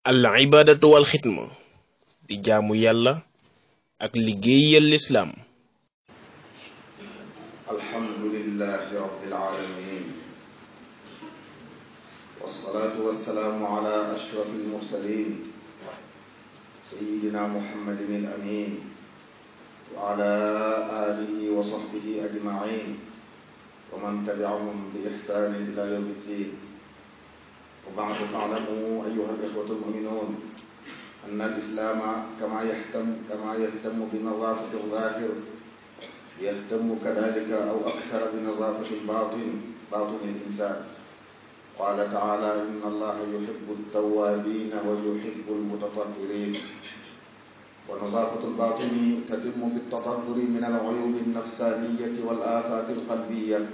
al ibadatu wal xidma di jaamu yàlla ak liggéeyal lislaam alhamdulillahi rabbil alamin wasalaatu wasalaamu ala ashraf almursalin sayidina muhammadin al amin wa ala alihi wa sahbihi ajmain wa man tabiahum bi ixsanin ila yawmi ddin وبعد فاعلموا أيها الإخوة المؤمنون أن الإسلام كما يهتم كما يهتم بنظافة الظاهر يهتم كذلك أو أكثر بنظافة الباطن باطن الإنسان قال تعالى إن الله يحب التوابين ويحب المتطهرين ونظافة الباطن تتم بالتطهر من العيوب النفسانية والآفات القلبية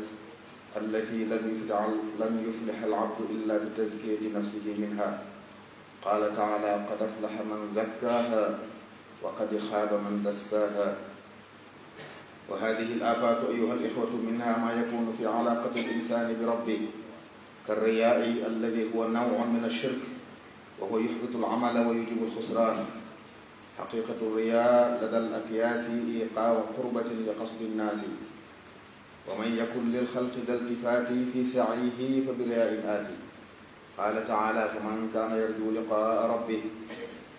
allati lam yuftaal lam yuflix alabdu illa bi tazkiyati nafsihi minha qaala taala qad aflaxa man zakkaaha wa qad xaaba man dassaaha wa hadihi alaafaatu ayuha alixwatu minha ma yakunu fi calaaqati alinsani bi rabbih كالرياء الذي هو نوع من الشرك وهو يحبط العمل ويجب الخسران حقيقة الرياء لدى الأكياس إيقاع قربة لقصد الناس wa man yakun lil xalqi daltifaati fi saihi fa bilaain aati qaala taala fa man kaana yarju liqaa rabbih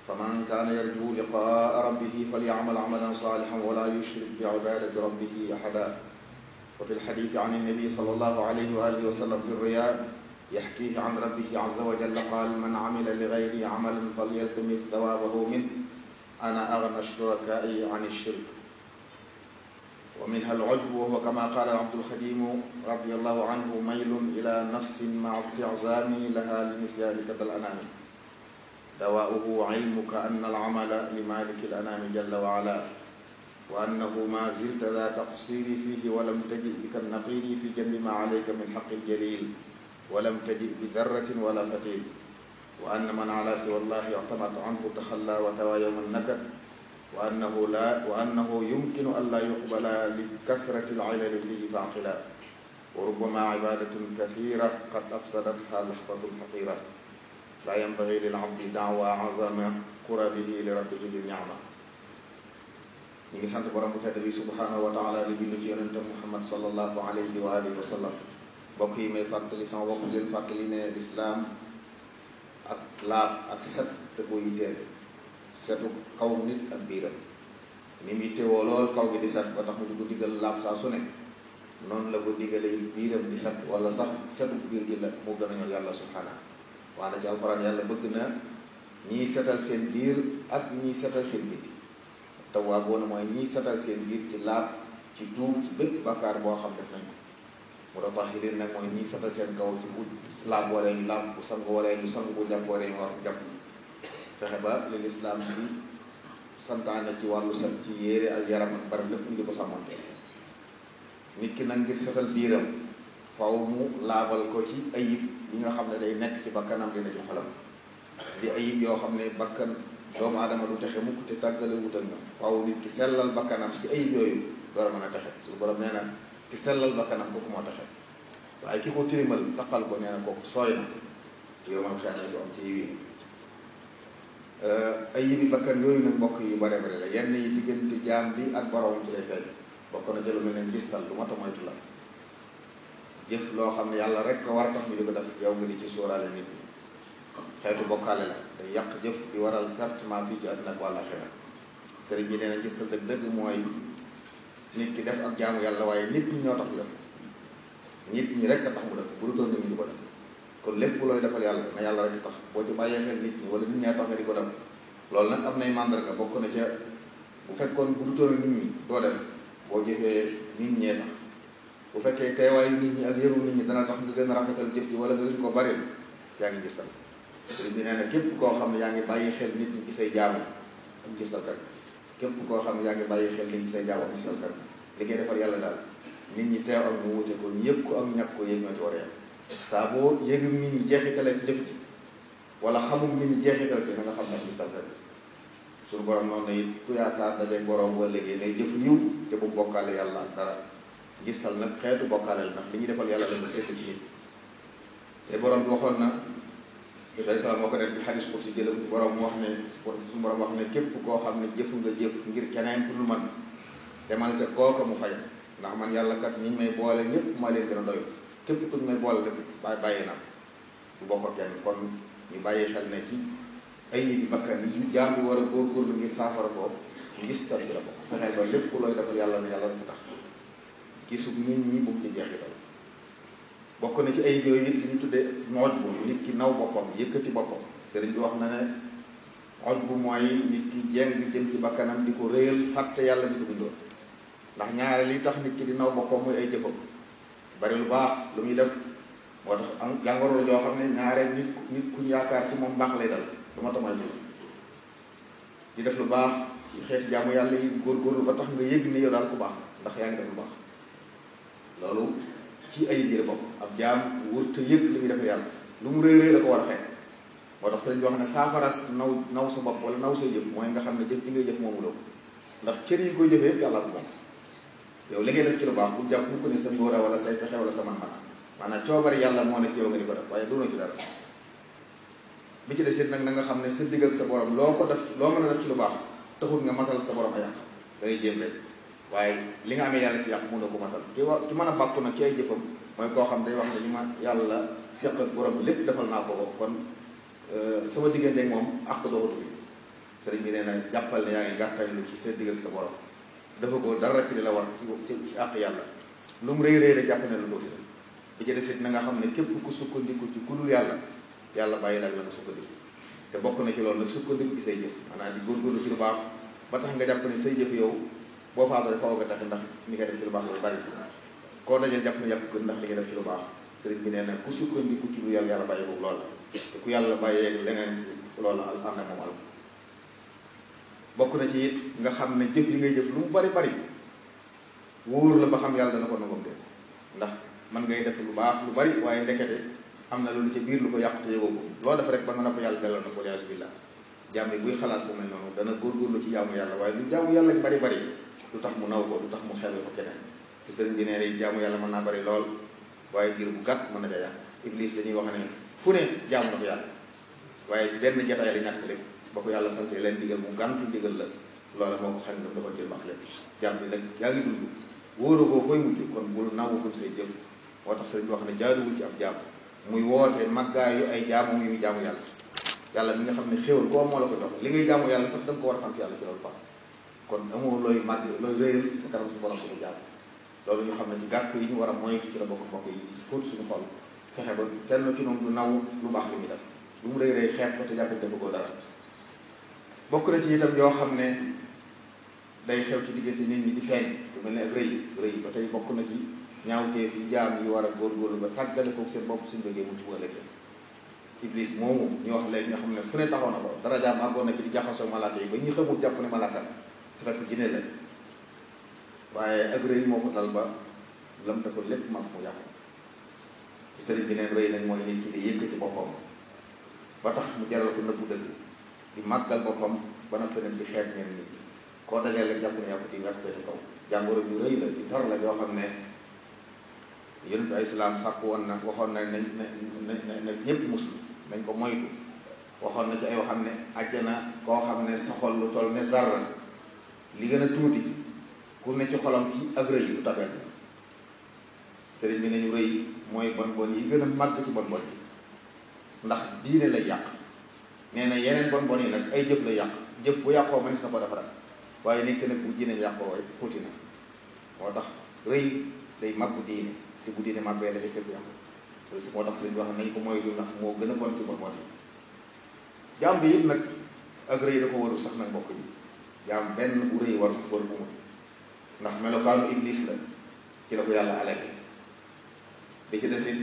fa man kaana yarju liqaa rabbih falyacmal camalan saalixan wala yushrik bicibaadati rabbih axada wa fi lxadiisi an annabi sal allahu alayhi wa alihi wa sallam fi riyaa yaxkiihi an rabbihi azza wa jalla qaal man camila ligayri camalan falyaltamis sawaabahu min ana agna shurakaa'i an ishirk wa minha al-ujb wa huwa kama qala al-abdu al-xadimu radiyallahu anhu maylun ila nafsin ma'a isti'zami laha li nisyanika dal anami dawaa'uhu ilmuka anna al-amala li maliki al-anami jalla wa ala wa annahu ma zilta dha taqsiri fihi wa lam taji' bika an-naqiri fi jambi ma alayka min haqqi al-jalil wa lam taji' bi darratin wala fatil wa anna man ala siwa allahi i'tamada anhu takhalla wa tawa yawma an-nakad wa annahu la wa annahu yumkinu an laa yuqbala li kasrati lilali fihi faaqila wa rubbama ibadatun kathira qad afsadatha lahbatun xatira laa yanbagi lilabdi daawa azama kurabihi li rabbihi lil niama ñu ngi sant borom bu tedd bi subhanahu wa taala di bind ci yonente muhammad sallallahu alayhi wa alihi wa sallam bokk yi may fàttali sama bopp leen fàttali ne lislaam ak laab ak set te koy teel setu kaw nit ak biiram ni mu ittewoo lool kaw bi di set ba tax mu di ko digal laab saa su ne noonu la ko digalee biiram di set wala sax setu biir gi la moo gën a ñor yàlla subhaanahu waa na ci alxuraan yàlla bëgg na ñiy setal seen biir ak ñiy setal seen biti tawaaboona mooy ñiy setal seen biir ci laab ci tuub ci bépp bàkkaar boo xam def nañ ko mutatahirin nag mooy ñiy setal seen kaw ci bu laab waree ñu laab bu sangu waree ñu sangu bu jàpp waree ñu war jàpp fexe ba li lislaam si santaane ci wàllu set ci yére ak yaram ak barab lépp ñu di ko sàmmante nit ki nag ngir setal biiram faw mu laabal ko ci ayib yi nga xam ne day nekk ci bakkanam dina ci xolam di yoo xam ne bakkan doomu aadama du texe mukk te tàggale wutal nga faw nit ki sellal bakkanam ci ayib yooyu door a mën a texe suñu borom nee na ki sellal bakkanam kooku moo texe waaye ki ko tilimal taqal ko nee na kooku sooy na yow man xeex du am ci yiw Euh, ay yibi bakkan yooyu nag mbokk yu bare bare la yenn yi diggante jaam bi ak borom ci lay feeñ bokk na jëlu mel ne ngistal lu mat la jëf loo xam ne yàlla rek war a tax ñu di def yow nga di ci sóoraale nit ñi xeetu bokkaale la day yàq jëf di waral pertement fii ci àddina ak wàlla xeer sëriñ bi nee na ngistal dëgg dëgg mooy nit ki def ak jaamu yàlla waaye nit ñi ñoo tax mu def nit ñi rek a tax mu def bu dutoon nit ñi di ko def kon lépp looy defal yàlla na yàlla rek tax boo ci bàyyee xel nit ñi wala nit ñaa tax nga di ko def loolu nag am na nay màndarga bokk na ca bu fekkoon bu dutoon nit ñi doo def boo jëfee nit ñee tax bu fekkee teewaayu nit ñi ak yëru ñi dana tax nga gën a rafetal jëf ji wala nga gën ko bari yaa ngi gisal sëriñ bi nee na képp koo xam ne yaa ngi bàyyi xel nit ñi ci say jaamu am gisal kat képp koo xam ne yaa ngi bàyyi xel nit ñi ci say jaamu am gisal kat li yàlla daal nit ñi teew ak ñu wuute ko ñu yëpp ko am ñàkk ko yéeg ñoo saa boo yëgum nit ñi jeexitale ci jëf ji wala xamum nit ñi jeexitale ci na nga xam ne ci sant bi suñu borom noonu la it ku yaakaar dajeeg borom bu ëllëgee nay jëf yiw te bu bokkaale yàlla ak dara gisal nag xeetu bokkaale la ndax li ñuy defal yàlla dafa sekk te borom bi na day sala moo ko def ci xadis ko si jëlam wax ne suñu borom wax ne képp koo xam ne jëfu nga jëf ngir keneen pour dul man demal ca kooka mu fay ndax man yàlla kat ñi may boole ñëpp maa leen gën a doyul képp ku ñu may boole def bàyyi bàyyi na bu bokk kenn kon ñu bàyyi xel ne ci ay bi bakkan yi jaam bi war a góorgóorlu ngir saafara ko ngis kat bi la bokk fexeel ba lépp looy defal yàlla na yàlla na ko tax gisu nit ñi bu mu ci jeexital bokk na ci ay yooyu it li ñu tuddee mooj bu nit ki naw boppam yëkkati boppam sëriñ bi wax na ne mooj bu mooy nit ki jeng jëm ci bakkanam di ko réyal fàtte yàlla ni ko bindoon ndax ñaare li tax nit ki di naw boppam muy bari lu baax lu muy def moo tax am jàngoro joo xam ne ñaareel nit nit kuñ yaakaar ci moom mbaax lay dal lu ma tamal jur di def lu baax ci xeeti jaamu yàlla yi góorgóorlu ba tax nga yëg ne yow baax ndax yaa ngi def lu baax loolu ci ay biir bopp ab jaam wër te yëg li muy defee yàlla lu mu réy réy la ko war a xeet moo tax sëriñ bi ne saafaras naw naw sa bopp wala naw sa jëf mooy nga xam ne jëf ji ngay jëf moomu la ndax cër yi koy jëfee yàlla ko moom yow li ngay def ci lu baax bu jàpp bu ko ne sa ngóora wala say pexe wala sa man-man maanaam coobare yàlla moo ne ci yow nga di ko def waaye doona ci des it nag na nga xam ne sa diggal sa borom loo ko def loo mën a def ci lu baax te taxul nga matal sa borom a yàq dangay jéem rek waaye li nga amee yàlla ci yàq mën na ko matal ki wa ki mën a bàkku nag ci ay jëfam mooy koo xam day wax ne li ma yàlla seq ak borom lépp defal naa ko ko kon euh, sama diggante moom ak dootu bi sëriñ bi nee na jàppal ne yaa ngi gàttañ lu ci sa digg sa borom dafa ko dara ci li la war ci ci àq yàlla lu mu rëy rëy la jàpp ne lu tuuti la bi ci desit na nga xam ne képp ku sukkandiku ci ku dul yàlla yàlla bàyyi daal la nga sukkandiku te bokk na ci loolu nag sukkandiku ci say jëf maanaam góorgóorlu ci lu baax ba tax nga jàpp ne say yow boo faatoo faw nga tax ndax li nga def ci baax loolu bari koo dajee jàpp ne yàpp ko ndax li nga def ci lu baax sëriñ bi nee na ku sukkandiku ci lu yàlla yàlla bàyyi boobu loola te ku yàlla bàyyee leneen loola al ànd ak moom bokk na ci nga xam ne jëf li ngay jëf lu mu bari bari wóor la ba xam yàlla dana ko nangam de ndax man ngay def lu baax lu bari waaye ndekete am na loolu ci biir lu ko yàq te yëgoo ko loo def rek yàlla delloo na ko lias billah jàmm yi buy xalaat fu mel noonu dana góorgóorlu ci jaamu yàlla waaye lu jaamu yàlla bari bari lu tax mu naw ko tax mu xeebe ko te sëriñ bi nee na jaamu yàlla mën naa bari lool waaye ngir bu gàtt mën na ca yàq iblis dañuy wax ne fu ne jaamu na ko yàlla waaye benn jataay la ñàkk lépp ba ko yàlla sante leen digal mu gàntu digal la loola moo ko xañ nga doxal ci baax leen jàmm bi nag yaa wóoru ko koy mujj kon bul nawagul say jëf moo tax sëriñ bi wax ne jaaruwul ci ab jaam muy woote màggaayu ay jaamu yu jaamu yàlla yàlla nga xam ne xéwal koo moo la li ngay jaamu yàlla sax ko war a sant yàlla ci loolu fa kon amoo looy màgg looy réyal sa kanam sa borom suñu jaamu xam ne ci yi ñu war a moytu ci la bokk suñu xol fexe ba kenn ci noonu naw lu baax li muy def lu mu rëy rëy xeex ko te jàpp defu ko dara bokk na ci itam yoo xam ne day xew ci diggante nit ñi di feeñ lu mel ne ak rëy rëy ba tey bokk na ci ñaawteef yi jaam yi war a góorgóorlu ba tàggale koog seen bopp suñu bëggee mucc bu ëllëgee iblis moomu ñu wax léegi nga xam ne fu ne taxaw na ko darajaam àggoon na ci di jaxasoo malaaka yi ba ñi xamul jàpp ne malaaka la te fekk jinne la waaye ak rëy moo ko dal ba lam dafa lépp mu yàqu bi neen rëy nag mooy nit ki di yëkkati boppam ba tax mu jaral ko nëbbu dëgg di màggal boppam ba noppi bi di xeet ñenn ñi koo dalee la jàpp ne yaa ko tiim kaw jàngoro ju rëy la ju la joo xam ne yonent ay islaam sàkk woon na waxoon na nañ na na ñépp muslim nañ ko moytu waxoon na ci ay waxam ne àjjana koo xam ne sa xol lu toll ne zarra li gën a tuuti ku ne ci xolam ci ak rëy lu tabel sëriñ bi nañu rëy mooy bon bon yi gën a màgg ci bon bon yi ndax diine lay yàq nee na yeneen bon bon yi nag ay jëf la yàq jëf bu yàqoo mënees na ko defaraat waaye nekk nag bu jine yàqoo fóoti na moo tax rëy day màbbu diine te bu diine màbbee dañuy fekk yàqu loolu si moo moo gën a bon ci bon bon yi nag ak rëy da ko warul sax nag mbokk yi jaam benn bu rëy war bu mu ndax melokaanu iblis la ci la ko yàlla alale bi ci desit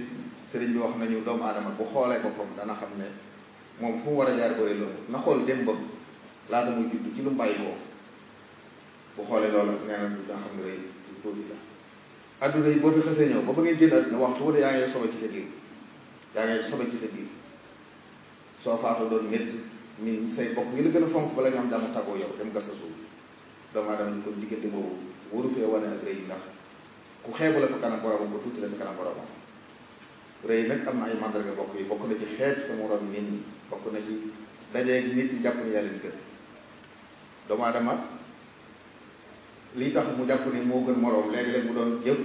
sëriñ bi wax nañu doomu aadama bu xoolee boppam dana xam ne moom fu mu war a jaar bëri loolu na xool démbam laata muy judd ci lu mu bàyyi ko bu xoolee loolu nee xam ne rëy lu tuuti la adduna yi boo fi ñëw ba ba ngay jël adduna waxtu wala yaa ngay sobe ci sa biir yaa ngay sobe ci sa biir soo faatoo doon métt ni say bokk yi la gën a fonk bala nga xam dama tàggoo yow dem gas a suuf doomu aadama kon diggante boobu waru fee wane ak rëy ndax ku xeebu la fa kanam boromam ba tuuti la ci kanam boromam rëy nag am na ay mandarga bokk yi bokk na ci xeeb sa morom kon na ci dajeeg nit ñi jàpp ni yaa leen gën doomu aadama li tax mu jàpp ni moo gën moroom léegi-léeg mu doon jëf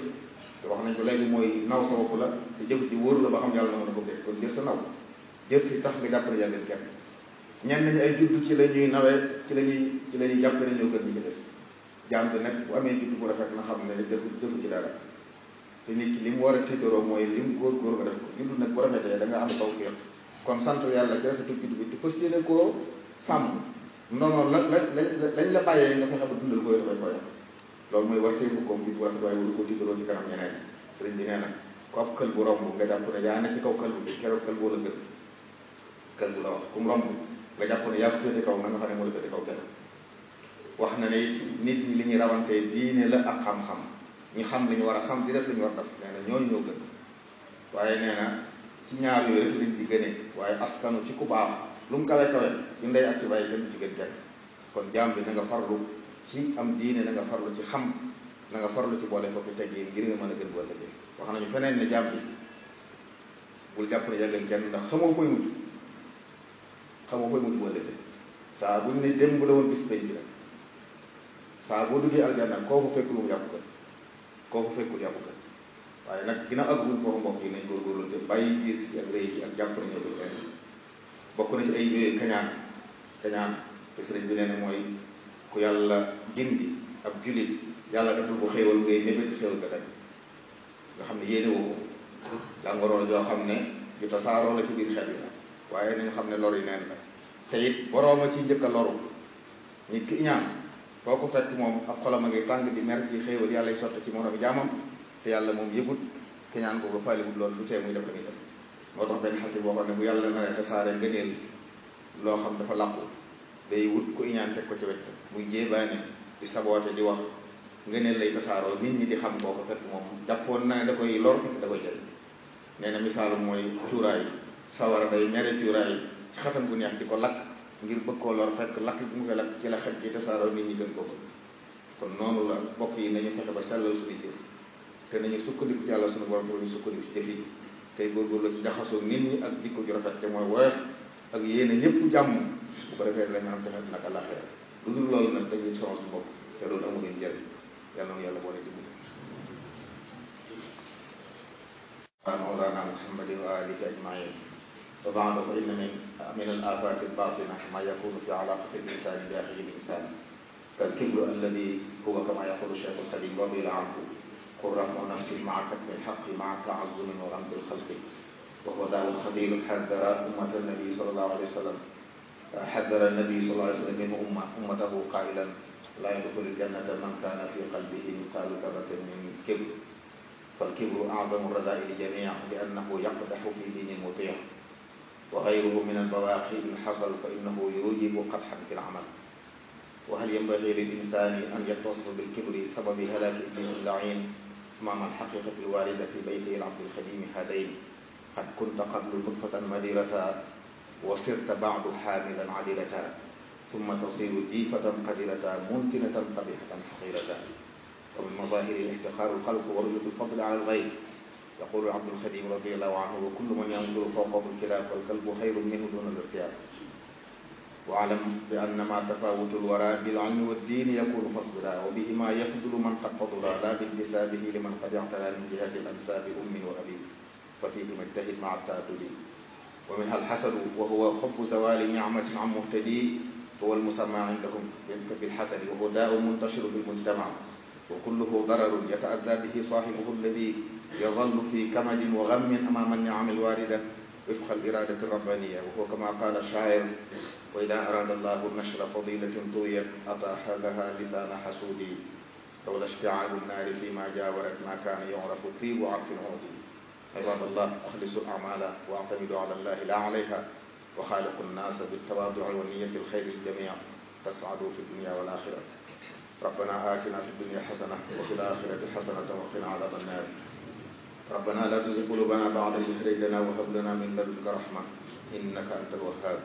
te wax nañ ko léegi mooy naw sa bopp la te jëf ji wóoru la ba xam yàlla na mën a ko béy kon jër te naw jër ci tax nga jàpp ni yaa leen kenn ñenn ñi ay juddu ci la ñuy nawee ci la ñuy ci la ñuy jàpp ne ñoo gën ñi ci nag bu amee juddu bu rafet na xam ne defu defu ci dara te nit ki li mu war a tiitaroo mooy lim góor góor nga def ko juddu nag bu rafetee da nga am taw fi kon sant yàlla ci rafetu juddu bi te fas yéene koo sàmm ndono la la lañ la bàyyee nga fexe ba dundal ko dafay koy loolu mooy warteefu koom bi warta waaye waru ko tiitaroo ci bi na ko ab kël bu romb nga yaa ne ci kaw kël bu bi keroog kël boo la gën kël la wax kum romb nga jàpp ne yaa ko féete kaw na xam ne ne nit ñi li ñuy rawante diine la ak xam-xam ñi xam li war a xam di def li ñu war def nee na ñooñu ñoo gën waaye nee ci ñaar yooyu rek lañ di waaye askanu ci ku baax lu mu kawe kawe ci ndey ak ci bàyyi kenn du ci gën kenn kon jaam bi na nga farlu ci am diine na nga farlu ci xam na nga farlu ci boole ko fi teggin ngir nga mën a gën wala jëf wax nañu feneen ne jaam bi bul jàpp ne yaa gën ndax xamoo fooy mujj xamoo fooy mujj wala jëf saa bu ñu ne bu la woon bis penc rek saa boo duggee aljanna koo fa fekkul mu yàqu ko koo fa fekkul waaye nag ginnaaw ak buñ foofu mbokk yi nañ góorgóorlu te bàyyi gis bi ak rëy ji ak jàpp nañu lu kenn bokk na ci ay eh, kañaan kañaan te sëriñ bi nee mooy ku yàlla jindi ab julit yàlla defal ko xéewal ngay mébét xéewal ga nga xam ne yéene woo ko xam ne ju la ci biir waaye nañ xam ne lor neen la te it borooma ci njëkk a loru nit ki iñaan foo ko fekk moom ab xolam a ngi tàng di mer ci xéewal yàlla sotti ci moroom jaamam te yàlla moom yëgut te ñaan ko ba faaliwut loolu lu tee muy def la muy def moo tax benn xarit boo xam ne bu yàlla naree tasaare ngëneel loo xam dafa làqu day wut ko iñaan teg ko ci wet muy jéebaane di saboote di wax ngëneel lay tasaaroo nit ñi di xam kooku fekk moom jàppoon naa ne da koy lor fekk da koy jël nee na misaalu mooy cuuraay sawara day ñare cuuraay ci xatam gu neex di ko lakk ngir bëgg koo lor fekk lakk gi mu koy lakk ci la xet ji tasaaroo nit ñi gën ko bëgg kon noonu bokk yi nañu fexe ba sellal suñu te nañu sukkandiku ci yàlla sunu borom te ñu sukkandiku ci jëf yi tey góorgóorlu ci jaxasoo nit ñi ak jikko ju rafet te mooy woyof ak yéene ñëpp jàmm bu ko defee lañu am texe nag àllaaxira lu dul loolu nag dañuy yàlla na yàlla boole dimbali عن مولانا محمد وآله أجمعين وبعد فإن من من قرة ونفسي معك بالحق معك عزما ورمد الخلق وهو ذا الخطير حذر أمة النبي صلى الله عليه وسلم حذر النبي صلى الله عليه وسلم من أمة أمته قائلا لا يدخل الجنة من كان في قلبه مثقال ذرة من كبر فالكبر أعظم الرذائل الجميع لأنه يقدح في دين المطيع وغيره من البواقي إن حصل فإنه يوجب قدحا في العمل وهل ينبغي للإنسان أن يتصف بالكبر سبب هلاك إبليس اللعين maama alxaqiqati alwalida fi bayti alabdi alxadimi hadayn qad kunta qablu nutfatan madirata wa sirta baadu xaamilan adilata ثم تصير جيفة قدرة ممكنة قبيحة حقيرة ومن مظاهر الاحتقار الخلق ورؤية الفضل على الغير يقول عبد الخديم رضي الله عنه وكل من ينظر فوقه الكلاب والكلب خير منه دون الارتياب waalam bi annama tafawutul wara bil ilmi wa diini yakunu fasbira wa bihima yafdulu man qad fadula la biltisaabihi liman qad ictala min jihati lansaabi ummin wa abin fa fihima ijtahid maa taatuli wa minha alxasadu wa huwa xubbu zawali nicmatin an muhtadi huwa almusamma indahum bilxasadi wa huwa daau muntashiru fi lmujtama wa kulluhu dararun yataadda bihi saaxibuhu alladi yazallu fi kamadin wa gammin amaama anniami alwaarida wifqa aliradati alrabbaniya wa huwa kama qaala alshaair wa ida araada allahu nashra fadilatin duwiyat ataaxa laha lisaana xasuudi lawla ishtiaalu naari fi ma jaawarat ma kaana yurafu tiibu arfi lhuudi ibadallah axlisu amala wa atamidu ala allahi la alayha wa xaaliqu nnaasa biltawaaduci wa niyati alxayri ljamia tasaadu fi dunya wal axira ربنا آتنا في الدنيا حسنة وفي الآخرة حسنة وقنا عذاب النار ربنا لا تزغ قلوبنا بعد إذ هديتنا وهب لنا من لدنك رحمة إنك أنت الوهاب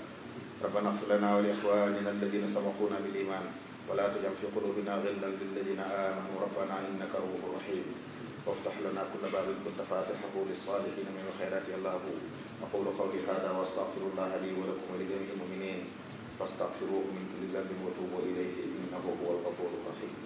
rabbana ighfir lana wa li ikhwanina alladhina sabaquna bil iman wa la taj'al fi qulubina ghillan lil ladhina amanu rabbana innaka ra'ufur rahim وافتح لنا كل باب كنت فاتحه للصالحين من الخيرات يا الله أقول قولي هذا وأستغفر الله لي ولكم ولجميع المؤمنين فاستغفروه من كل ذنب وتوبوا إليه إنه هو الغفور الرحيم